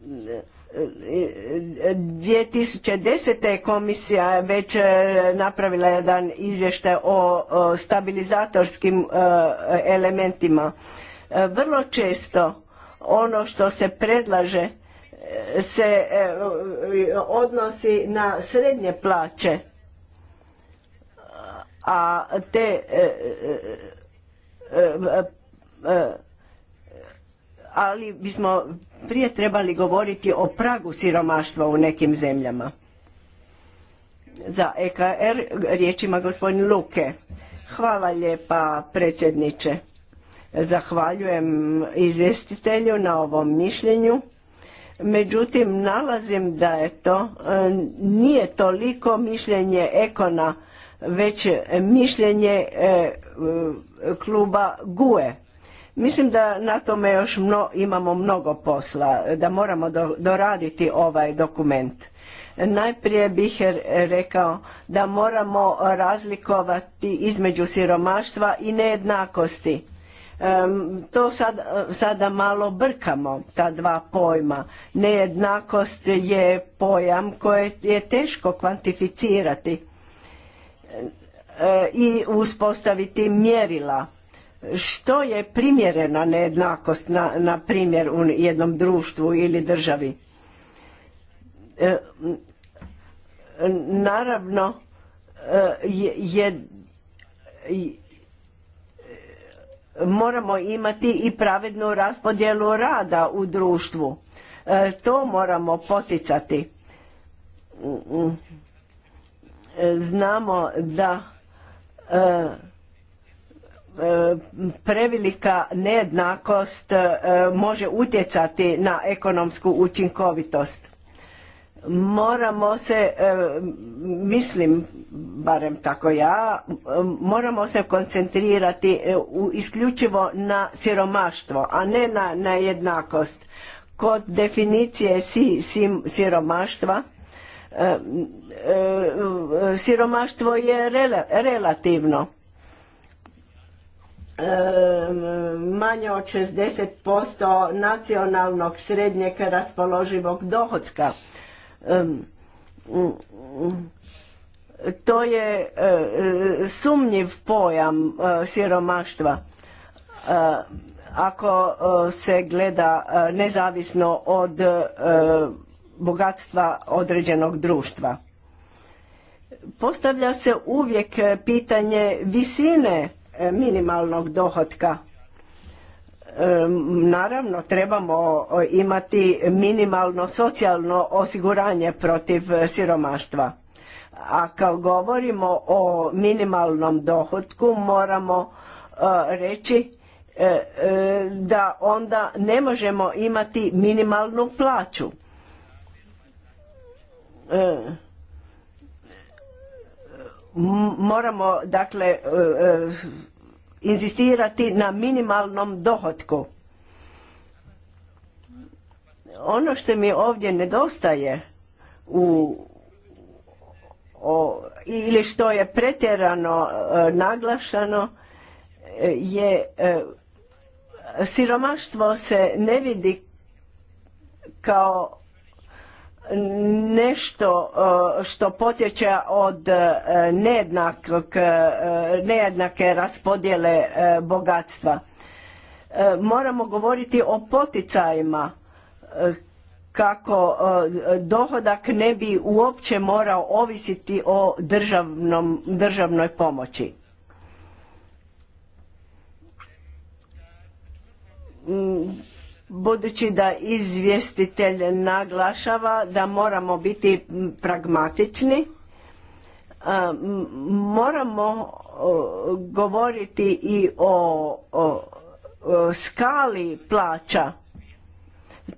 2010. Eh, komisija već napravila jedan izvještaj o stabilizatorskim elementima. Vrlo često ono što se predlaže se odnosi na srednje plaće, a te E, e, ali bismo prije trebali govoriti o pragu siromaštva u nekim zemljama. Za EKR riječima gospodin Luke. Hvala lijepa predsjedniče. Zahvaljujem izvjestitelju na ovom mišljenju. Međutim, nalazim da je to, e, nije toliko mišljenje Ekona već e, mišljenje e, e, kluba GUE. Mislim da na tome još mno, imamo mnogo posla, da moramo doraditi ovaj dokument. Najprije bih rekao da moramo razlikovati između siromaštva i nejednakosti. to sad, sada malo brkamo, ta dva pojma. Nejednakost je pojam koje je teško kvantificirati E, i uspostaviti mjerila što je primjerena nejednakost na, primjer u jednom društvu ili državi e, naravno e, je, moramo imati i pravednu raspodjelu rada u društvu to moramo poticati znamo da e, e, prevelika nejednakost e, može utjecati na ekonomsku učinkovitost. Moramo se, mislim, barem tako ja, moramo se koncentrirati isključivo na siromaštvo, a ne na, jednakost. Kod definicije siromaštva E, e, siromaštvo je relativno. E, manje od 60% nacionalnog srednjeg raspoloživog dohotka. To je sumnjiv pojam siromaštva ako se gleda nezavisno od bogatstva određenog društva. Postavlja se uvijek pitanje visine e, minimalnog dohotka. E, naravno, trebamo imati minimalno socijalno osiguranje protiv e, siromaštva. A kao govorimo o minimalnom dohotku, moramo reći da onda ne možemo imati minimalnu plaću E, moramo dakle e, e, inzistirati na minimalnom dohotku. Ono što mi ovdje nedostaje u o, ili što je pretjerano e, naglašano je siromaštvo se ne vidi kao nešto e, što potječe od e, e, nejednake raspodjele bogatstva. Moramo govoriti o poticajima kako dohodak ne bi uopće morao ovisiti o državnoj pomoći. Mm, budući da izvjestitelj naglašava da moramo biti pragmatični moramo govoriti i o, skali plaća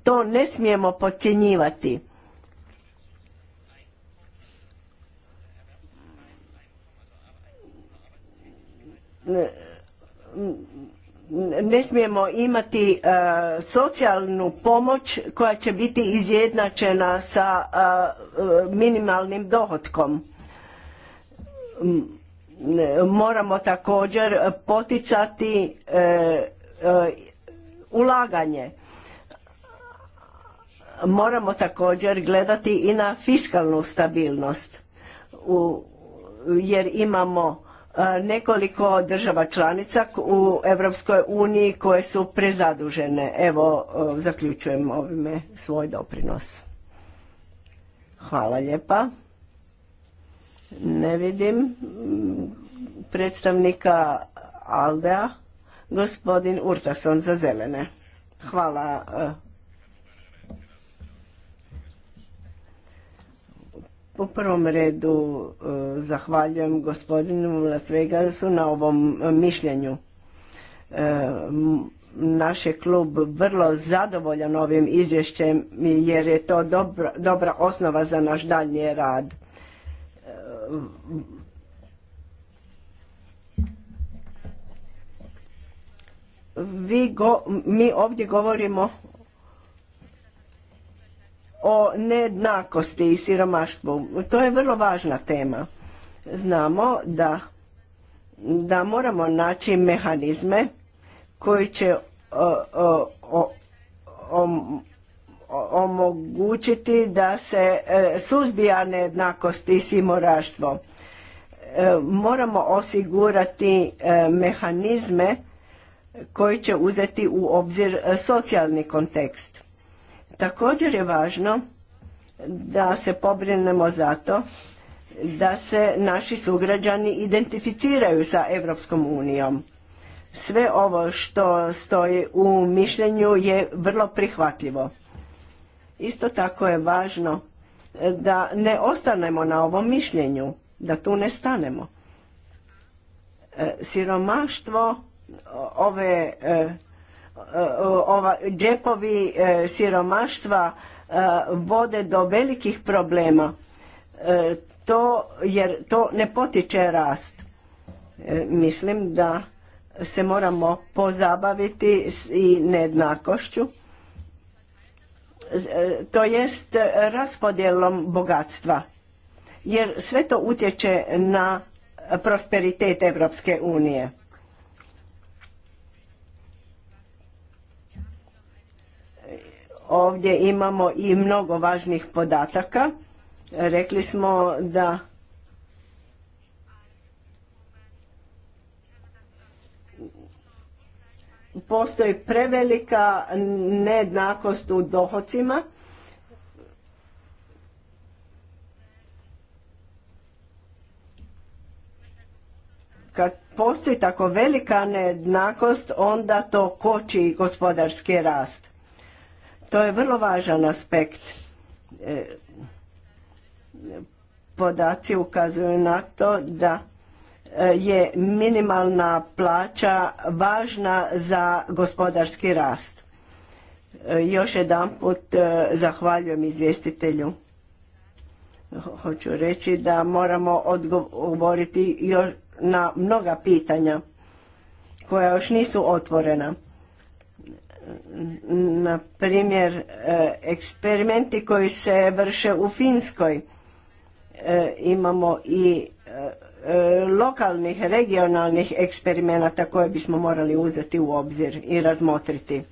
to ne smijemo podcjenjivati ne smijemo imati e, socijalnu pomoć koja će biti izjednačena sa e, minimalnim dohotkom e, moramo također poticati ulaganje moramo također gledati i na fiskalnu stabilnost jer imamo E, nekoliko država članica u Europskoj uniji koje su prezadužene. Evo, e, zaključujem ovime svoj doprinos. Hvala lijepa. Ne vidim mm, predstavnika Aldea, gospodin Urtason za zelene. Hvala e, U prvom redu e, zahvaljujem gospodinu Las Vegasu na ovom e, mišljenju. E, naš je klub vrlo zadovoljan ovim izvješćem jer je to dobra, osnova za naš daljnji rad. mi ovdje govorimo o nejednakosti i siromaštvu. To je vrlo važna tema. Znamo da, da moramo naći mehanizme koji će omogućiti da se e, suzbija nejednakost i simoraštvo. E, moramo osigurati e, mehanizme koji će uzeti u obzir socijalni kontekst. Također je važno da se pobrinemo za to da se naši sugrađani identificiraju sa Europskom unijom. Sve ovo što stoji u mišljenju je vrlo prihvatljivo. Isto tako je važno da ne ostanemo na ovom mišljenju, da tu ne stanemo. E, siromaštvo ove e, E, ova džepovi e, siromaštva e, vode do velikih problema to jer to ne potiče rast mislim da se moramo pozabaviti i nejednakošću to jest raspodjelom bogatstva jer sve to utječe na prosperitet Europske unije Ovdje imamo i mnogo važnih podataka. Rekli smo da postoji prevelika nejednakost u dohocima. Kad postoji tako velika nejednakost, onda to koči gospodarski rast. To je vrlo važan aspekt. E, podaci ukazuju na to da e, je minimalna plaća važna za gospodarski rast. E, još jedan put zahvaljujem izvjestitelju. Hoću reći da moramo odgovoriti još na mnoga pitanja koja još nisu otvorena na primjer e, eksperimenti koji se vrše u Finskoj e, imamo i e, lokalnih, regionalnih eksperimenata koje bismo morali uzeti u obzir i razmotriti.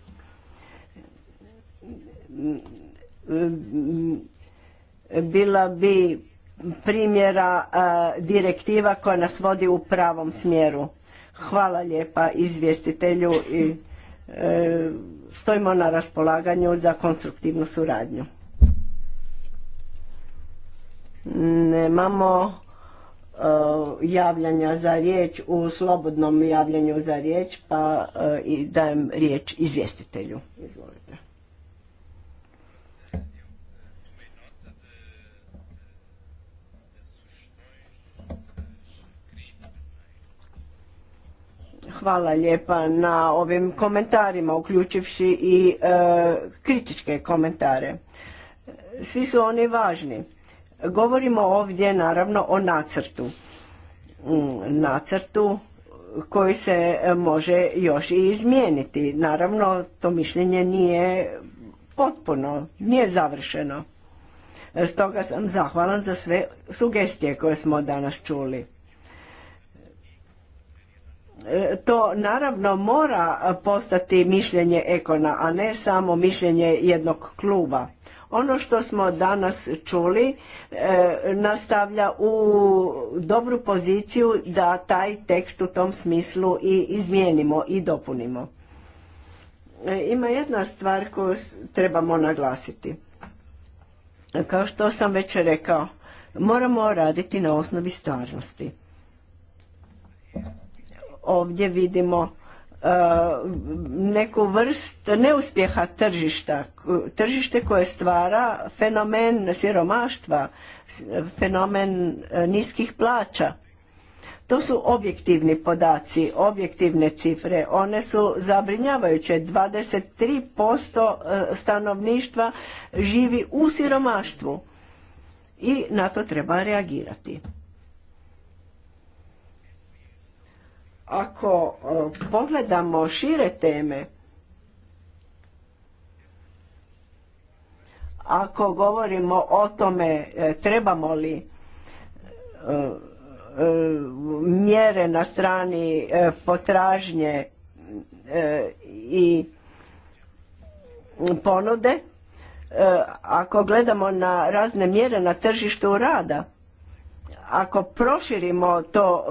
Bila bi primjera direktiva koja nas vodi u pravom smjeru. Hvala lijepa izvjestitelju i E, stojimo na raspolaganju za konstruktivnu suradnju. Nemamo e, javljanja za riječ u slobodnom javljanju za riječ pa e, i dajem riječ izvjestitelju. Izvolite. Hvala lijepa na ovim komentarima, uključivši i e, kritičke komentare. Svi su oni važni. Govorimo ovdje naravno o nacrtu. Mm, nacrtu koji se može još i izmijeniti. Naravno, to mišljenje nije potpuno, nije završeno. Stoga sam zahvalan za sve sugestije koje smo danas čuli. E, to naravno mora postati mišljenje Ekona, a ne samo mišljenje jednog kluba. Ono što smo danas čuli e, nastavlja u dobru poziciju da taj tekst u tom smislu i izmijenimo i dopunimo. E, ima jedna stvar koju trebamo naglasiti. Kao što sam već rekao, moramo raditi na osnovi stvarnosti. Ovdje vidimo e, neku vrst neuspjeha tržišta, tržište koje stvara fenomen siromaštva, fenomen e, niskih plaća. To su objektivni podaci, objektivne cifre. One su zabrinjavajuće. 23% e, stanovništva živi u siromaštvu i na to treba reagirati. Ako e, pogledamo šire teme, ako govorimo o tome e, trebamo li e, mjere na strani potražnje i ponude, ako gledamo na razne mjere na tržištu rada, ako proširimo to,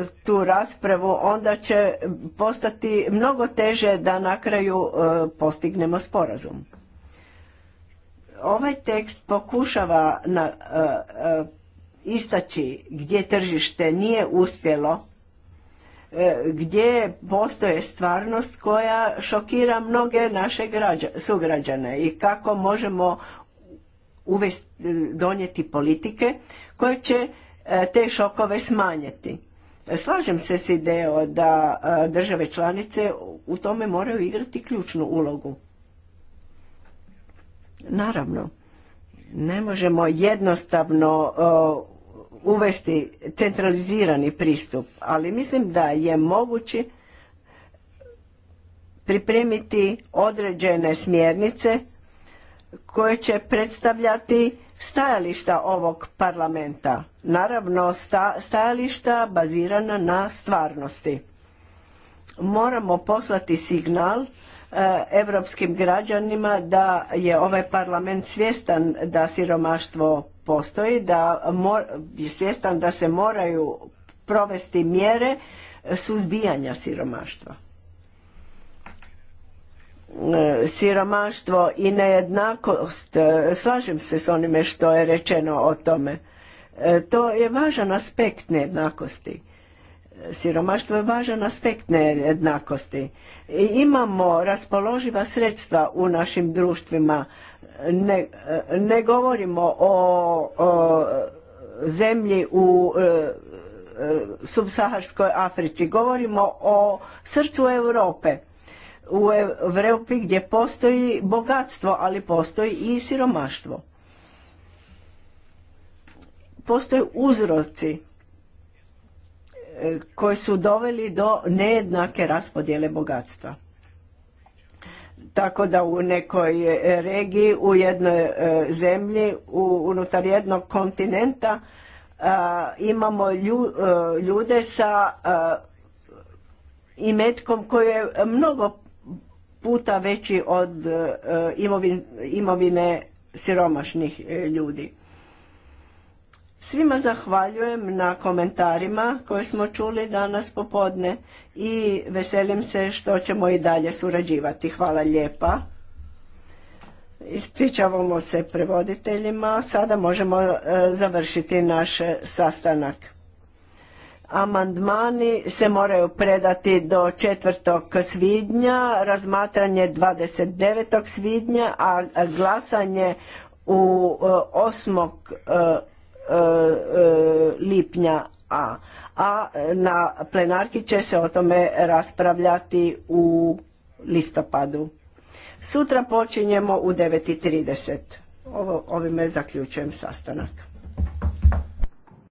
e, tu raspravu, onda će postati mnogo teže da na kraju e, postignemo sporazum. Ovaj tekst pokušava na, e, istaći gdje tržište nije uspjelo, gdje postoje stvarnost koja šokira mnoge naše sugrađane i kako možemo uvest donijeti politike koje će e, te šokove smanjiti. E, slažem se s ideo da e, države članice u tome moraju igrati ključnu ulogu. Naravno, ne možemo jednostavno uvesti centralizirani pristup, ali mislim da je moguće pripremiti određene smjernice koje će predstavljati stajališta ovog parlamenta. Naravno, stajališta bazirana na stvarnosti. Moramo poslati signal europskim građanima da je ovaj parlament svjestan da siromaštvo postoji, da je svjestan da se moraju provesti mjere suzbijanja siromaštva. E, siromaštvo i nejednakost. E, slažem se s onime što je rečeno o tome. E, to je važan aspekt nejednakosti. Siromaštvo je važan aspekt nejednakosti. imamo raspoloživa sredstva u našim društvima. Ne, ne govorimo o, zemlji u subsaharskoj Africi. Govorimo o srcu Europe u Europi gdje postoji bogatstvo, ali postoji i siromaštvo. Postoje uzroci e, koji su doveli do nejednake raspodjele bogatstva. Tako da u nekoj regiji, u jednoj e, zemlji, unutar jednog kontinenta e, imamo ljude sa imetkom koji je mnogo puta veći od e, imovine siromašnih e, ljudi. Svima zahvaljujem na komentarima koje smo čuli danas popodne i veselim se što ćemo i dalje surađivati. Hvala lijepa. Ispričavamo se prevoditeljima. Sada možemo e, završiti naš sastanak. Amandmani se moraju predati do 4. svibnja, razmatranje 29. svibnja, a glasanje u 8. E, e, e, lipnja a, a na plenarki će se o tome raspravljati u listopadu. Sutra počinjemo u 9.30. Ovo, ovime zaključujem sastanak.